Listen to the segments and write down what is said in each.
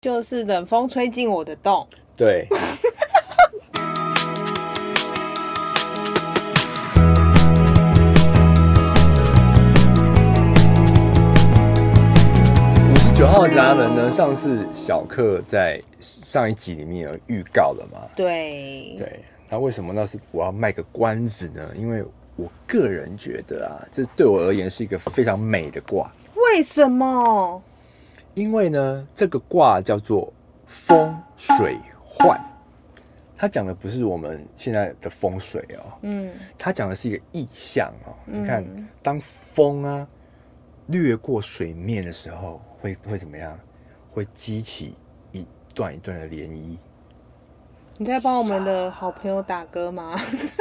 就是冷風吹進我的洞。對。五十九號閘門呢？上次小克在上一集裡面有預告了嘛？對。對。那為什麼那是我要賣個關子呢？因為我個人覺得啊，這對我而言是一個非常美的卦。為什麼？因為呢，這個卦叫做風水渙，它講的不是我們現在的風水哦，嗯，它講的是一個意象哦。你看，嗯、當風啊掠過水面的時候，會會怎麼樣？會激起一段一段的漣漪。你在幫我們的好朋友打歌嗎？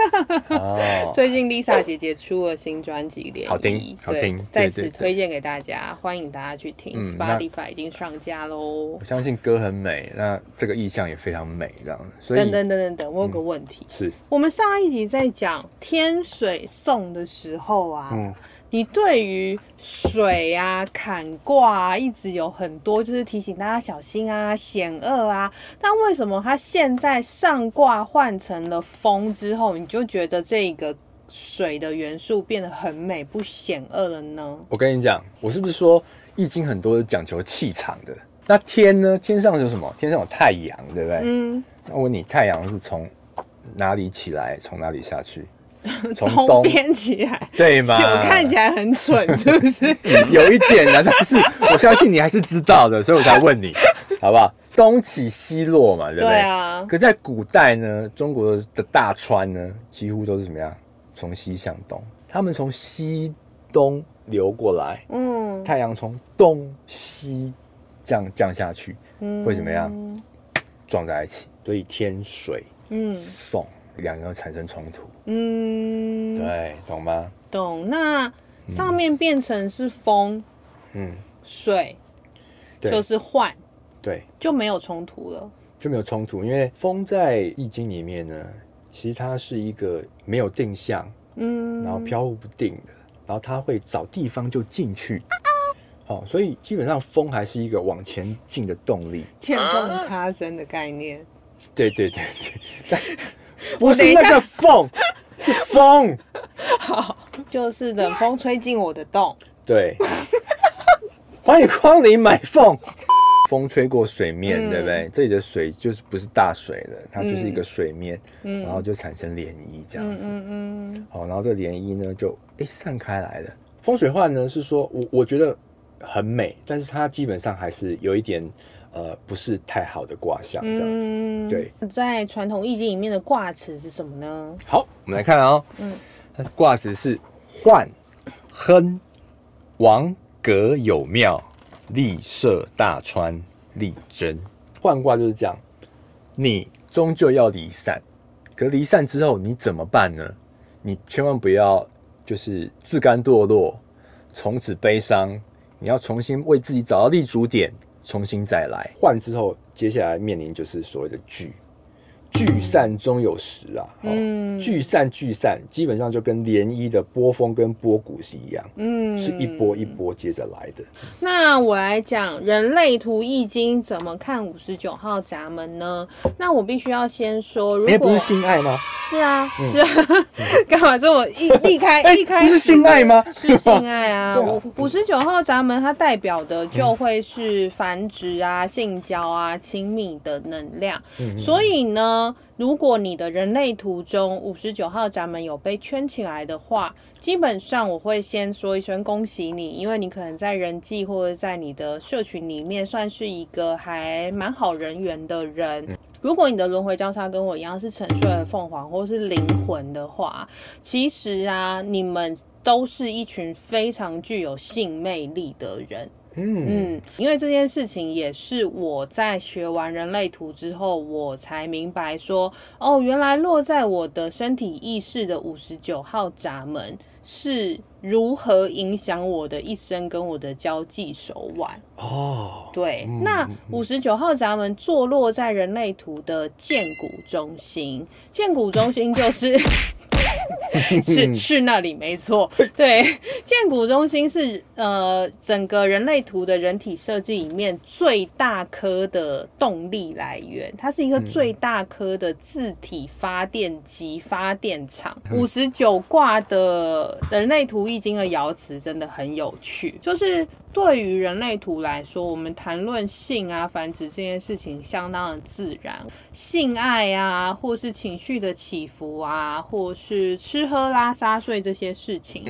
哦、 最近 Lisa 姐姐出了新專輯，好聽，好聽，在此對推薦給大家，歡迎大家去聽 Sp、嗯。Spotify 已經上架嘍。我相信歌很美，那這個意象也非常美，這樣。等等等等等，我有個問題、嗯、是我們上一集在講《天水訟》的時候啊。嗯你對於水啊、坎卦啊，一直有很多就是提醒大家小心啊、險惡啊。但為什麼它現在上卦換成了風之後，你就覺得這個水的元素變得很美、不險惡了呢？我跟你講，我是不是說《易經》很多講求氣場的？那天呢？天上有什麼？天上有太陽，對不對？嗯。那問你，太陽是從哪裡起來，從哪裡下去？從東邊起來，對嗎？我看起來很蠢，是不是？ 有一點呢，但是 我相信你還是知道的， 所以我才問你，好不好？東起西落嘛，對不對？對啊。可在古代呢，中國的大川呢，幾乎都是怎麼樣？從西向東，他們從西東流過來。嗯。太陽從東西降，降下去，嗯、會怎麼樣？撞在一起，所以天水嗯訟。兩個人產生衝突，嗯，對，懂嗎？懂。那上面變成是風，嗯，水，對就是換，對，就沒有衝突了，就沒有衝突。因為風在易經裡面呢，其實它是一個沒有定向，嗯，然後飄忽不定的，然後它會找地方就進去，嗯、哦，所以基本上風還是一個往前進的動力，見縫插針的概念，對、啊、對對對。但不是那個縫， 是風，好，就是冷風吹進我的洞。對， 歡迎光臨買縫。風吹過水面，對不對？嗯、這裡的水就是不是大水了，它就是一個水面，嗯、然後就產生漣漪這樣子。嗯，嗯好，然後這漣漪呢，就誒、欸、散開來了。風水渙呢，是說我我覺得很美，但是它基本上還是有一點。呃，不是太好的卦象，這樣子。嗯、對，在傳統易經裡面的卦辭是什麼呢？好，我們來看啊、哦。嗯，卦辭是渙亨，王假有廟，利涉大川，利貞。渙卦就是這樣，你終究要離散，可離散之後你怎麼辦呢？你千萬不要就是自甘墮落，從此悲傷。你要重新為自己找到立足點。重新再來，換之後，接下來面臨就是所謂的聚。聚散終有時啊，聚散聚散，基本上就跟漣漪的波峰跟波谷是一樣，嗯，是一波一波接着來的。那我來講人類圖易經怎麼看五十九號閘門呢？那我必須要先說，如果，不是性愛嗎？是啊，是啊，幹嘛這麼一開一開？不是性愛嗎？是性愛啊。五十九號閘門它代表的就會是繁殖啊、性交啊、親密的能量，所以呢。如果你的人類圖中五十九號閘門有被圈起來的話，基本上我會先說一聲恭喜你，因為你可能在人際或者在你的社群裡面算是一個還蠻好人緣的人。嗯、如果你的輪迴交叉跟我一樣是沉睡的鳳凰或是靈魂的話，其實啊，你們都是一群非常具有性魅力的人。嗯，因為這件事情也是我在學完人類圖之後，我才明白說，哦，原來落在我的身體意識的五十九號閘門是。如何影響我的一生跟我的交際手腕？哦，oh, 對，嗯、那五十九號閘門坐落在人類圖的薦骨中心，薦骨中心就是 是是那裡沒錯。對，薦骨中心是呃整個人類圖的人體設計裡面最大顆的動力來源，它是一個最大顆的自體發電機發電廠。五十九卦的，的人類圖一。《易經》的爻辭真的很有趣，就是對於人類圖來說，我們談論性啊、繁殖這件事情相當的自然，性愛啊，或是情緒的起伏啊，或是吃喝拉撒睡這些事情，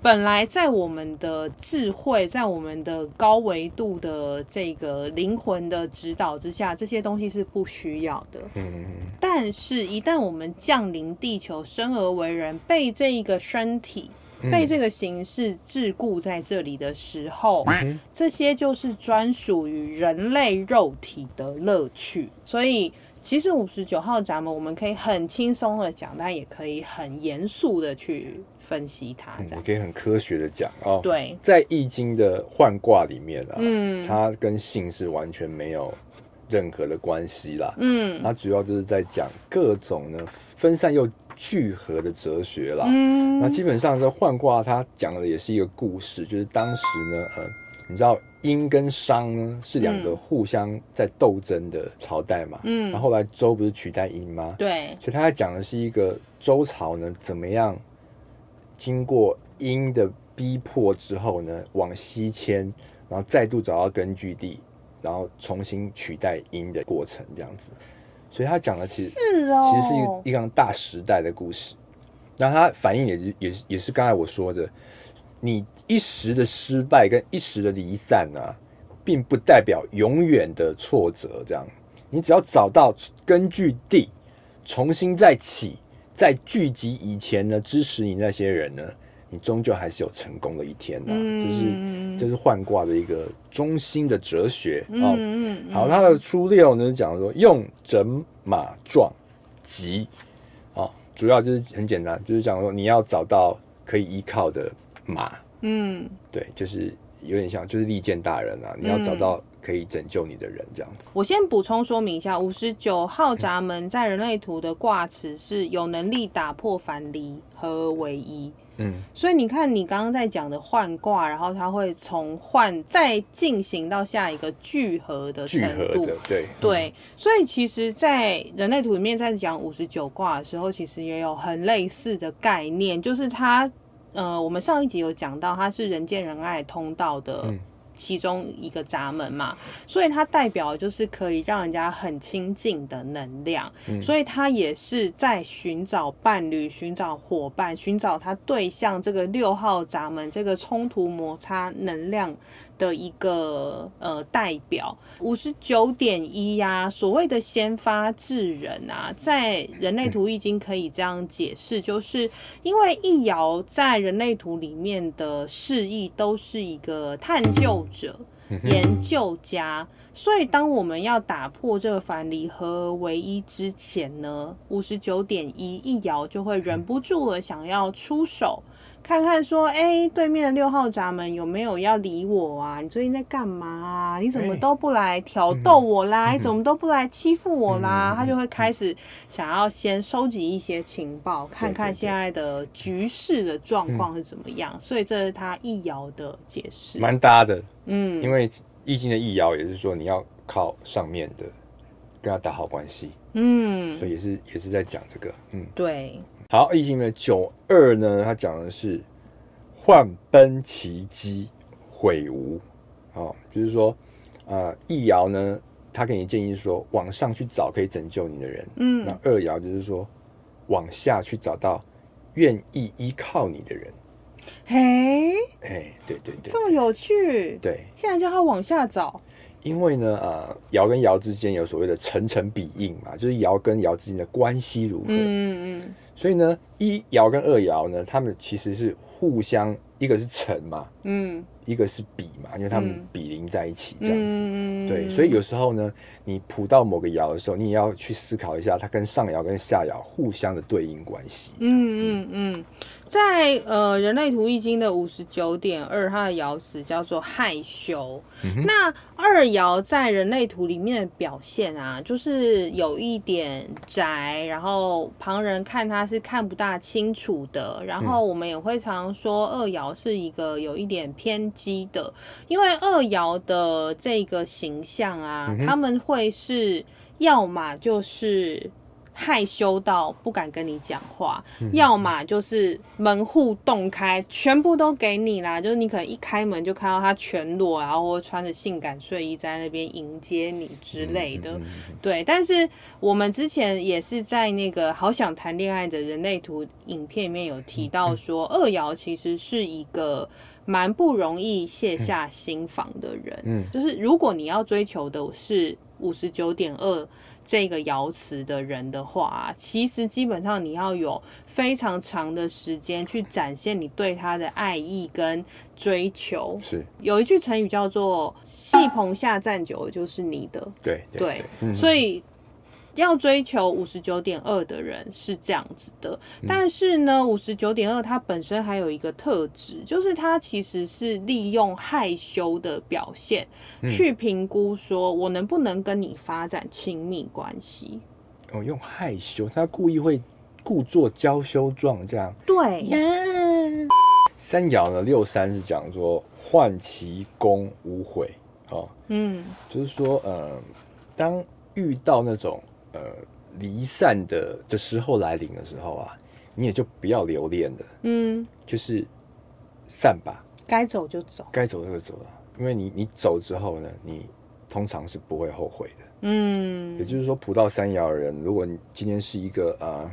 本來在我們的智慧、在我們的高維度的這個靈魂的指導之下，這些東西是不需要的。但是，一旦我們降臨地球，生而為人，被這一個身體。嗯、被這個形式桎梏在這裡的時候，嗯、哼這些就是專屬於人類肉體的樂趣。所以，其實五十九號閘門，我們可以很輕鬆的講，但也可以很嚴肅的去分析它。我、嗯、可以很科學的講哦，對，在易經的渙卦裡面啊，嗯、它跟性是完全沒有任何的關係啦。嗯，它主要就是在講各種呢分散又。聚合的哲學了，嗯、那基本上這渙卦它講的也是一個故事，就是當時呢，呃、你知道殷跟商呢是兩個互相在鬥爭的朝代嘛，嗯，然後後來周不是取代殷嗎？對、嗯，所以它在講的是一個周朝呢怎麼樣經過殷的逼迫之後呢，往西遷，然後再度找到根據地，然後重新取代殷的過程，這樣子。所以他講的其實，是哦，其實是一一個大時代的故事。那他反應也是，也是，也是剛才我說的，你一時的失敗跟一時的離散呢、啊，並不代表永遠的挫折。這樣，你只要找到根據地，重新再起，再聚集以前呢支持你那些人呢。你終究還是有成功的一天的。啊，就，嗯，是就是渙卦的一個中心的哲學。嗯、哦。好，他的初六呢講說用拯馬壯吉，哦，主要就是很簡單，就是講說你要找到可以依靠的馬。嗯，對，就是有點像就是利見大人啊，你要找到。可以拯救你的人，這樣子。我先補充說明一下，五十九號閘門在人類圖的卦辭，是有能力打破藩籬合而為一。嗯，所以你看，你剛剛在講的換卦，然後它會從換再進行到下一個聚合的程度。聚合的。對對，嗯，所以其實，在人類圖裡面在講五十九卦的時候，其實也有很類似的概念，就是它、呃，我們上一集有講到，它是人見人愛通道的。嗯其中一個閘門嘛，所以它代表就是可以讓人家很親近的能量，嗯，所以它也是在尋找伴侶、尋找夥伴、尋找他對象。這個六號閘門，這個衝突摩擦能量。的一個呃代表五十九點一呀，所謂的先發制人啊，在人類圖已經可以這樣解釋，就是因為一爻在人類圖裡面的釋義都是一個探究者、研究家， 所以當我們要打破這個樊籬和唯一之前呢，五十九點一一爻就會忍不住的想要出手。看看說，哎、欸，對面的六號閘門有沒有要理我啊？你最近在幹嘛啊？你怎麼都不來挑逗我啦？欸嗯、你怎麼都不來欺負我啦？嗯嗯、他就會開始想要先收集一些情報，嗯、看看現在的局勢的狀況是怎麼樣。對對對對，所以這是他易爻的解釋，蠻搭的。嗯，因為易經的易爻也是說你要靠上面的跟他打好關係。嗯，所以也是也是在講這個。嗯，對。好，易經的九二呢，他講的是渙奔其機，悔亡。哦。就是說，呃，一爻呢，他給你建議說，往上去找可以拯救你的人。嗯，那二爻就是說，往下去找到願意依靠你的人。嘿，哎、欸，對對對，對，對，這麼有趣。對，現在叫他往下找。因為呢，呃，爻跟爻之間有所謂的承乘比應嘛，就是爻跟爻之間的關係如何。嗯嗯。嗯，所以呢，一爻跟二爻呢，他們其實是互相，一個是成嘛，嗯，一個是比嘛，因為他們比鄰在一起這樣子。嗯，對，所以有時候呢，你卜到某個爻的時候，你也要去思考一下，它跟上爻跟下爻互相的對應關係。嗯嗯嗯。嗯嗯在呃人類圖易經的五十九點二，它的爻辭叫做害羞。嗯、哼那二爻在人類圖裡面的表現啊，就是有一點宅，然後旁人看他是看不大清楚的。然後我們也會常說二爻是一個有一點偏激的，因為二爻的這個形象啊，嗯、哼他們會是，要麼就是。害羞到不敢跟你講話，嗯、要麼就是門戶洞開，嗯、全部都給你啦。就是你可能一開門就看到他全裸，然後穿着性感睡衣在那邊迎接你之類的。嗯、對，嗯嗯、但是我們之前也是在那個《好想談戀愛的人類圖》影片裡面有提到說，二爻、嗯嗯、其實是一個蠻不容易卸下心防的人。嗯，就是如果你要追求的是五十九點二。這個瑤池的人的話、啊，其實基本上你要有非常長的時間去展現你對他的愛意跟追求。是，有一句成語叫做“戲棚下站久了就是你的”，對對，所以。要追求五十九點二的人是這樣子的，嗯、但是呢，五十九點二它本身還有一個特質，就是它其實是利用害羞的表現去評估，說我能不能跟你發展親密關係、嗯。哦，用害羞，他故意會故作嬌羞狀，這樣。對呀。三爻呢，六三是講說渙其躬無悔，哦、嗯，就是說，嗯、呃，當遇到那種。呃，離散的這時候來臨的時候啊，你也就不要留戀了。嗯，就是散吧，該走就走，該走就走了、啊。因為你你走之後呢，你通常是不會後悔的。嗯，也就是說，卜到三爻的人，如果你今天是一個啊、呃、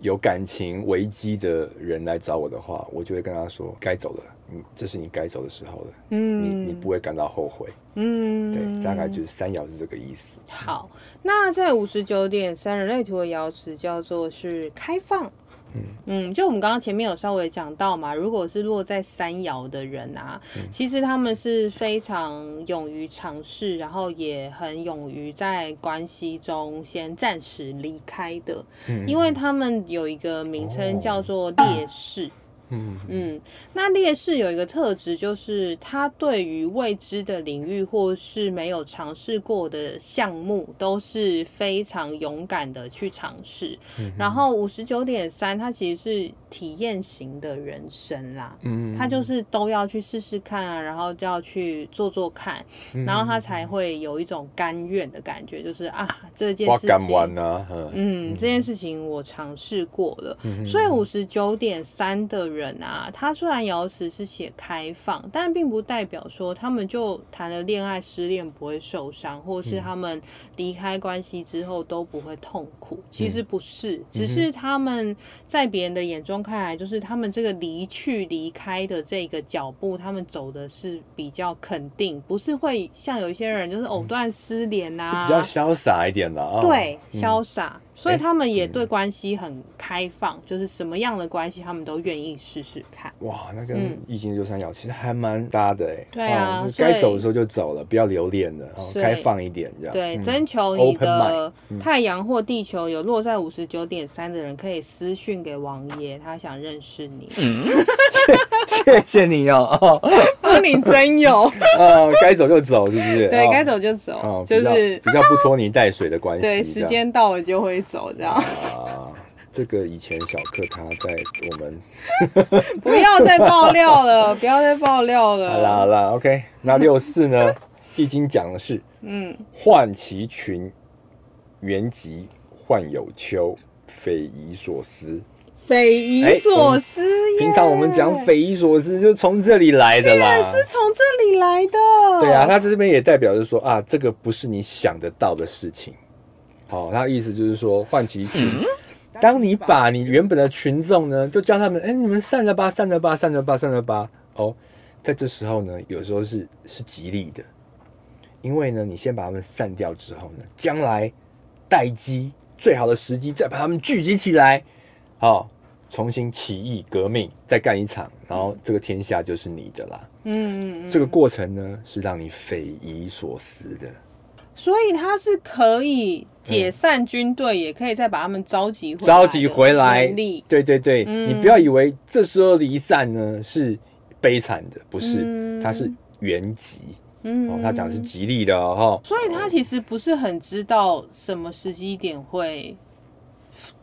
有感情危機的人來找我的話，我就會跟他說，該走了。嗯，這是你該走的時候了。嗯，你你不會感到後悔。嗯，對，大概就是三爻是這個意思。嗯、好，那在五十九點三人類圖的爻辭叫做是開放。嗯，嗯就我們剛剛前面有稍微講到嘛，如果是落在三爻的人啊，嗯、其實他們是非常勇於嘗試，然後也很勇於在關係中先暫時離開的。嗯，因為他們有一個名稱叫做烈士。哦嗯嗯，那劣勢有一個特質，就是他對於未知的領域或是沒有嘗試過的項目都是非常勇敢的去嘗試。嗯、哼然後五十九點三，他其實是體驗型的人生啦，嗯哼，他就是都要去試試看啊，然後就要去做做看，嗯、哼然後他才會有一種甘願的感覺，就是啊，這件事情，我啊、嗯，這件事情我嘗試過了，嗯、哼所以五十九點三的。人啊，他雖然爻辭是寫開放，但並不代表說他們就談了戀愛、失戀不會受傷，或是他們離開關係之後都不會痛苦。嗯、其實不是，只是他們在別人的眼中看來，就是他們這個離去、離開的這個腳步，他們走的是比較肯定，不是會像有一些人就是藕斷絲連啊，嗯、比較瀟灑一點的啊、哦，對，瀟灑。哦嗯所以他們也對關係很開放，就是什麼樣的關係他們都願意試試看。哇，那個易經六三爻其實還蠻搭的哎。對啊，該走的時候就走了，不要留戀了，開放一點這樣。對，徵求你的太陽或地球有落在五十九點三的人，可以私訊給王爺，他想認識你。謝謝謝你哦，你真有哦，該走就走是不是？對，該走就走，就是比較不拖泥帶水的關係。對，時間到了就會。走這樣啊，這個以前小克他在我們 不要再爆料了， 不要再爆料了。好啦好啦，OK。那六四呢？易 經講的是，嗯，渙其群，元吉，渙有丘，匪夷所思，匪夷所思。欸嗯、平常我們講匪夷所思，就從這裡來的啦，是從這裡來的。對啊，他這邊也代表着說啊，這個不是你想得到的事情。好，他的、哦那個、意思就是說，渙其群。嗯、當你把你原本的群眾呢，就叫他們，哎、欸，你們散了吧，散了吧，散了吧，散了吧。哦，在這時候呢，有時候是是吉利的，因為呢，你先把他們散掉之後呢，將來待機最好的時機，再把他們聚集起來，好、哦，重新起義革命，再幹一場，然後這個天下就是你的啦。嗯，這個過程呢，是讓你匪夷所思的。所以他是可以。解散軍隊也可以再把他們召集回、嗯、召集回來，對對對，嗯、你不要以為這時候離散呢是悲慘的，不是，他、嗯、是元吉，他、嗯哦、講是吉利的哦。所以他其實不是很知道什麼時機點會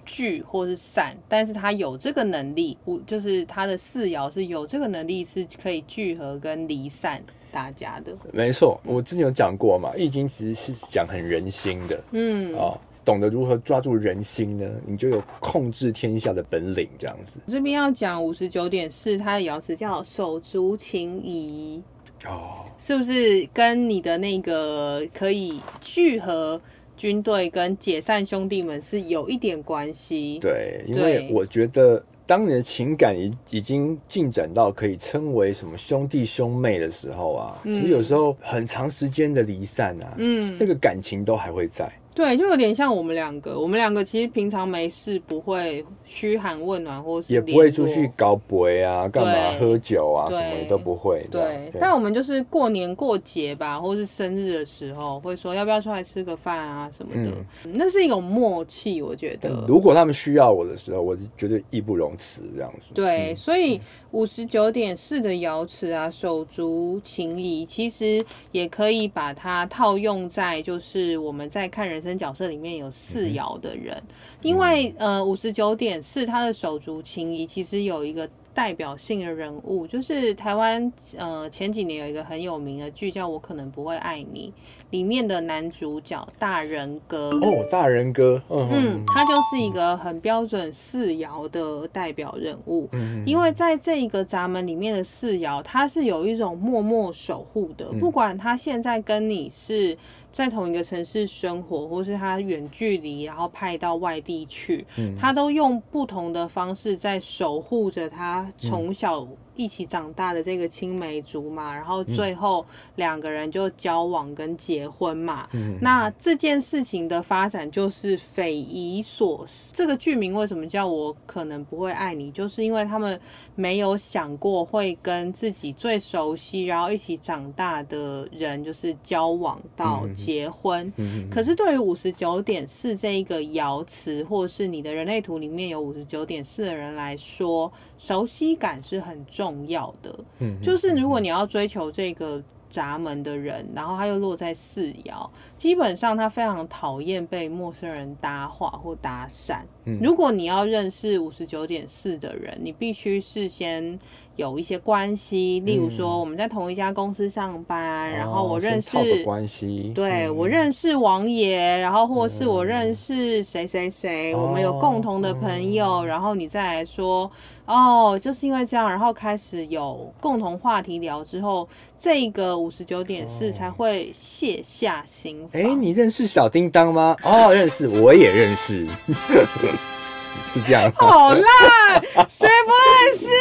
聚或是散，嗯、但是他有這個能力，就是他的四爻是有這個能力是可以聚合跟離散。大家的沒錯，我之前有講過嘛，《易經》其實是講很人心的，嗯，哦，懂得如何抓住人心呢，你就有控制天下的本領，這樣子。嗯，這邊要講五十九點四，它的爻辭叫手足情誼，哦，是不是跟你的那個可以聚合軍隊跟解散兄弟們是有一點關係？對，因為我覺得。當你的情感已已經進展到可以稱為什麼兄弟兄妹的時候啊，嗯，其實有時候很長時間的離散啊，嗯，這個感情都還會在。對，就有點像我們兩個，我們兩個其實平常沒事不會噓寒問暖，或是也不會出去搞博啊，幹嘛對喝酒啊，對什麼都不會。對、啊，對對，但我們就是過年過節吧，或是生日的時候，會說要不要出來吃個飯啊什麼的、嗯嗯。那是一種默契，我覺得。如果他們需要我的時候，我是絕對義不容辭這樣子。對，嗯、所以五十九點四的瑤池啊，手足情誼其實也可以把它套用在就是我們在看人。角色裡面有四爻的人，嗯、因為呃五十九點四他的手足情誼其實有一個代表性的人物，就是台灣呃前幾年有一個很有名的劇叫《我可能不會愛你》裡面的男主角大仁哥哦，大仁哥，嗯，嗯嗯他就是一個很標準四爻的代表人物，嗯、因為在這一個閘門裡面的四爻，他是有一種默默守護的，嗯、不管他現在跟你是。在同一個城市生活，或是他遠距離，然後派到外地去，他都用不同的方式在守護着他從小。嗯一起長大的這個青梅竹馬，然後最後兩個人就交往跟結婚嘛。嗯、那這件事情的發展就是匪夷所思。嗯、這個劇名為什麼叫“我可能不會愛你”，就是因為他們沒有想過會跟自己最熟悉，然後一起長大的人就是交往到結婚。嗯嗯嗯、可是對於五十九點四這一個爻辭，或是你的人類圖裡面有五十九點四的人來說，熟悉感是很重。重要的，嗯、就是如果你要追求這個閘門的人，嗯嗯、然後他又落在四爻，基本上他非常討厭被陌生人搭話或搭訕。嗯、如果你要認識五十九點四的人，你必須事先。有一些關係，例如說我們在同一家公司上班，嗯、然後我認識、哦、的關係，對、嗯、我認識王爺，然後或是我認識誰誰誰，嗯、我們有共同的朋友，哦、然後你再來說，哦，就是因為這樣，然後開始有共同話題聊之後，這個五十九點四才會卸下心。誒、欸，你認識小叮噹嗎？哦、oh,，認識，我也認識， 是這樣。好爛，誰不認識？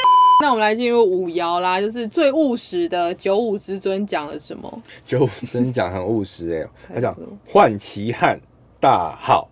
那我們來進入五爻啦，就是最務實的九五之尊講了什麼？九五之尊講很務實、欸，哎， 他講換其汗大號，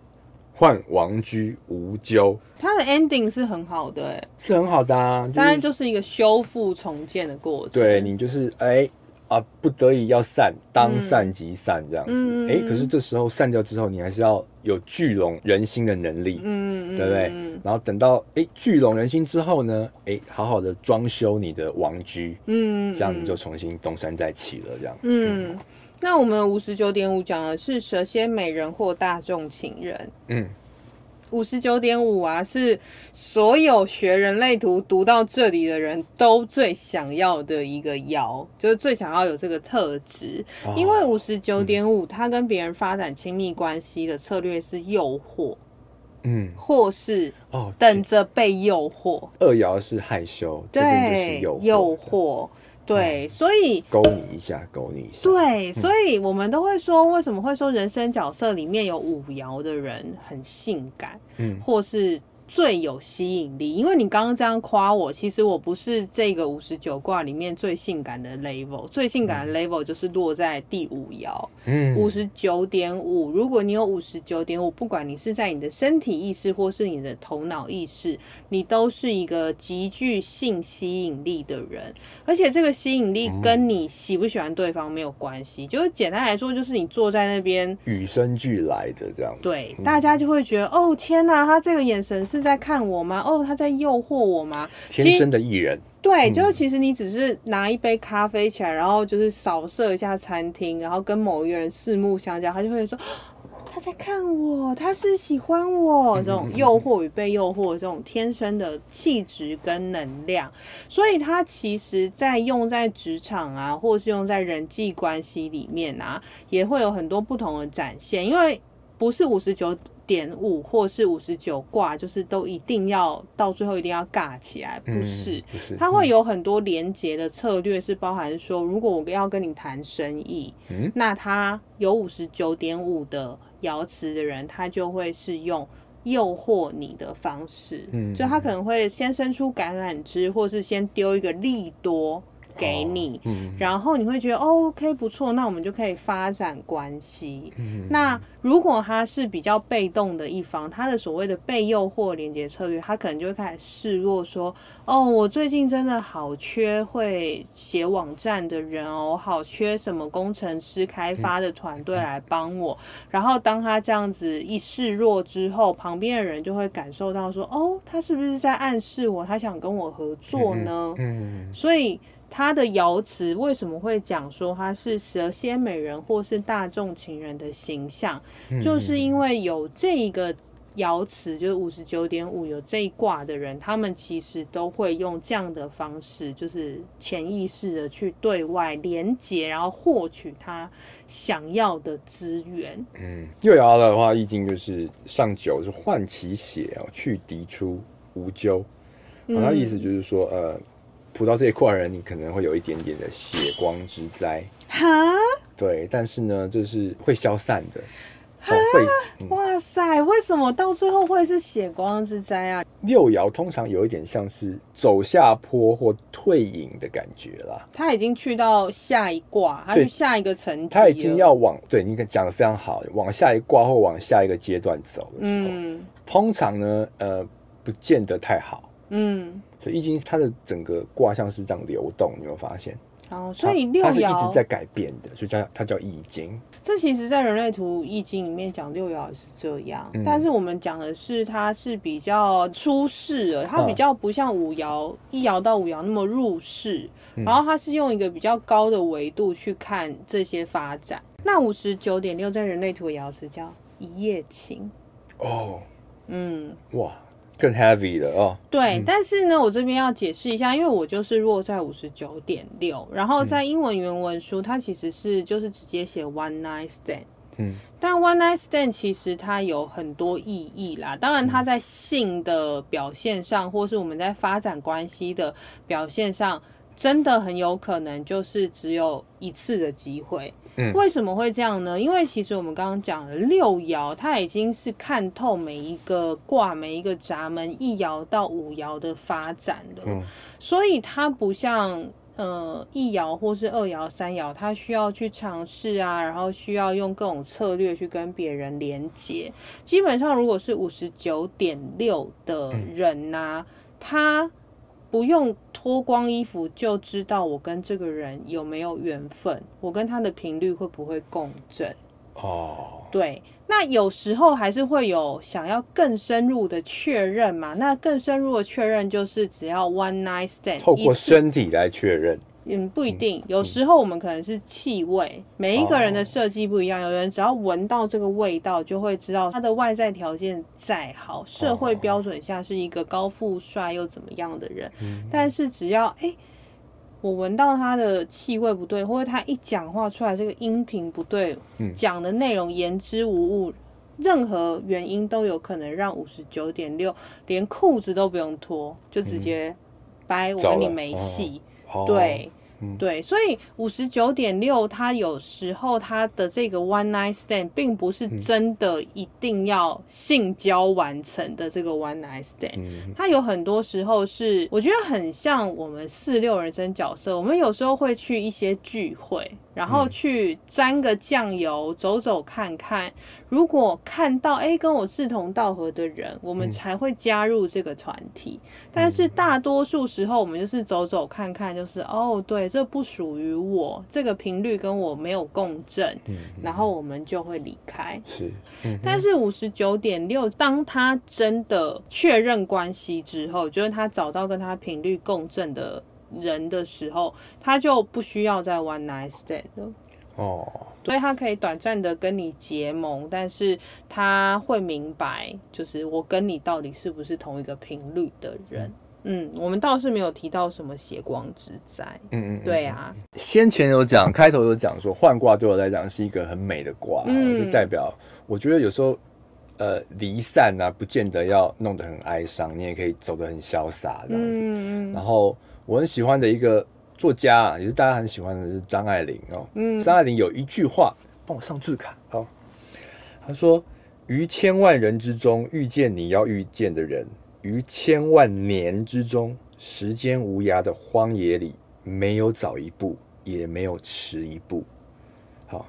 換王居無咎。它的 ending 是很好的、欸，哎，是很好的啊。當然就是一個修復重建的過程。對你就是哎。欸啊，不得已要散，當散即散這樣子。哎、嗯嗯欸，可是這時候散掉之後，你還是要有聚攏人心的能力，嗯嗯、對不對？然後等到哎聚攏人心之後呢，哎、欸，好好的裝修你的王居，嗯，嗯這樣你就重新東山再起了，這樣。嗯，嗯那我們五十九點五講的是蛇蠍美人或大眾情人，嗯。五十九點五啊，是所有學人類圖讀到這裡的人都最想要的一個爻，就是最想要有這個特質，哦、因為五十九點五，他跟別人發展親密關係的策略是誘惑，嗯，或是等着被誘惑。哦、二爻是害羞，這邊就是誘惑。對對，所以勾你一下，勾你一下。對，嗯、所以我們都會說，為什麼會說人生角色裡面有五爻的人很性感，嗯，或是。最有吸引力，因為你剛剛這樣誇我，其實我不是這個五十九卦裡面最性感的 level，最性感的 level 就是落在第五爻，嗯，五十九點五。如果你有五十九點五，不管你是在你的身體意識或是你的頭腦意識，你都是一個極具性吸引力的人，而且這個吸引力跟你喜不喜歡對方沒有關係，嗯、就是簡單來說，就是你坐在那邊與生俱來的這樣子，對，嗯、大家就會覺得哦天吶、啊，他這個眼神是。在看我嗎？哦，oh，他在誘惑我嗎？天生的藝人，對，就是其實你只是拿一杯咖啡起來，嗯、然後就是掃射一下餐廳，然後跟某一個人四目相交，他就會說他在看我，他是喜歡我。這種誘惑與被誘惑的這種天生的氣質跟能量，所以他其實在用在職場啊，或者是用在人際關係裡面啊，也會有很多不同的展現。因為不是五十九。點五或是五十九卦，就是都一定要到最後一定要尬起來，不是？嗯不是嗯、它會有很多連接的策略，是包含說，如果我要跟你談生意，嗯、那他有五十九點五的瑤池的人，他就會是用誘惑你的方式，嗯、所以他可能會先伸出橄欖枝，或是先丟一個利多。給你，哦嗯、然後你會覺得、哦、OK 不錯，那我們就可以發展關係。嗯、那如果他是比較被動的一方，他的所謂的被誘惑連接策略，他可能就會開始示弱，說：“哦，我最近真的好缺會寫網站的人哦，好缺什麼工程師開發的團隊來幫我。”嗯、嗯、然後當他這樣子一示弱之後，旁邊的人就會感受到說：“哦，他是不是在暗示我，他想跟我合作呢？”嗯，嗯、所以。他的爻辭為什麼會講說他是蛇蠍美人或是大眾情人的形象？嗯、就是因為有這一個爻辭，就是五十九點五有這一卦的人，他們其實都會用這樣的方式，就是潛意識的去對外連接，然後獲取他想要的資源。嗯，六爻的話，易經就是上九是渙其血啊、喔，去逖出無咎。那意思就是說，嗯、呃。卜到這一卦的人，你可能會有一點點的血光之災。哈，對，但是呢，就是會消散的。哈會、嗯、哇塞，為什麼到最後會是血光之災啊？六爻通常有一點像是走下坡或退隱的感覺啦。他已經去到下一卦，他就下一個層級了，他已經要往對，你講得非常好，往下一卦或往下一個階段走的時候，嗯、通常呢，呃，不見得太好。嗯。所以易經它的整個卦象，是這樣流動，你有沒有發現？哦，所以六爻是一直在改變的，所以叫它，它叫易經。這其實，在人類圖易經裡面講六爻也是這樣，嗯、但是我們講的是，它是比較出世的，它比較不像五爻、啊、一爻到五爻那麼入世，嗯、然後它是用一個比較高的維度去看這些發展。那五十九點六在人類圖的爻辭叫一夜情哦，嗯，哇。更 heavy 的哦，對，嗯、但是呢，我這邊要解釋一下，因為我就是落在五十九點六，然後在英文原文書，嗯、它其實是就是直接寫 one night stand，嗯，但 one night stand 其實它有很多意義啦，當然它在性的表現上，嗯、或是我們在發展關係的表現上。真的很有可能就是只有一次的機會。嗯。為什麼會這樣呢？因為其實我們剛剛講了六爻，它已經是看透每一個卦、每一個閘門，一爻到五爻的發展了。嗯。所以它不像呃一爻或是二爻、三爻，它需要去嘗試啊，然後需要用各種策略去跟別人連接。基本上，如果是五十九點六的人吶啊，他，嗯。不用脫光衣服就知道我跟這個人有沒有緣分，我跟他的頻率會不會共振？哦，oh. 對，那有時候還是會有想要更深入的確認嘛。那更深入的確認就是只要 one night stand，透過身體來確認。嗯，不一定。嗯、有時候我們可能是氣味，嗯、每一個人的設計不一樣。哦、有人只要聞到這個味道，就會知道他的外在條件再好，哦、社會標準下是一個高富帥又怎麼樣的人。嗯、但是只要哎、欸，我聞到他的氣味不對，或者他一講話出來這個音頻不對，講、嗯、的內容言之無物，任何原因都有可能讓五十九點六連褲子都不用脫就直接掰，嗯、我跟你沒戲。Oh, 對，嗯、對，所以五十九點六，它有時候它的這個 one night stand 並不是真的一定要性交完成的這個 one night stand，嗯、它有很多時候是我覺得很像我們四六人生角色，我們有時候會去一些聚會。然後去沾個醬油，嗯、走走看看。如果看到哎，跟我志同道合的人，我們才會加入這個團體。嗯、但是大多數時候，我們就是走走看看，就是、嗯、哦，對，這不屬於我，這個頻率跟我沒有共振，嗯嗯、然後我們就會離開。是，嗯嗯、但是五十九點六，當他真的確認關係之後，就是他找到跟他頻率共振的人的時候，他就不需要再 one night stand 了，哦，所以他可以短暫的跟你結盟，但是他會明白，就是我跟你到底是不是同一個頻率的人。嗯，嗯，我們倒是沒有提到什麼血光之災。嗯，嗯，嗯，對啊。先前有講，開頭有講說，換卦對我來講是一個很美的卦，嗯、就代表我覺得有時候，呃，離散啊，不見得要弄得很哀傷，你也可以走得很瀟灑這樣子。嗯，然後。我很喜歡的一個作家，也是大家很喜歡的，是張愛玲哦。嗯、張愛玲有一句話，幫我上字卡，好。她說：“於千萬人之中遇見你要遇見的人，於千萬年之中，時間無涯的荒野裡，沒有早一步，也沒有遲一步，好。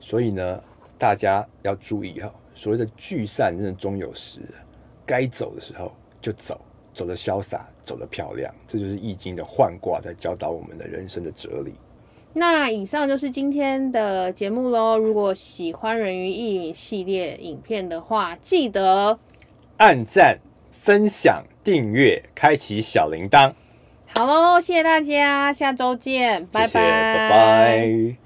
所以呢，大家要注意哈，所謂的聚散，真的終有時，該走的時候就走。”走得瀟灑，走得漂亮，這就是《易經》的渙卦在教導我們的人生的哲理。那以上就是今天的節目嘍。如果喜歡《人云易云》系列影片的話，記得按讚、分享、訂閱、開啟小鈴鐺。好嘍，謝謝大家，下周見，謝謝拜拜，拜拜。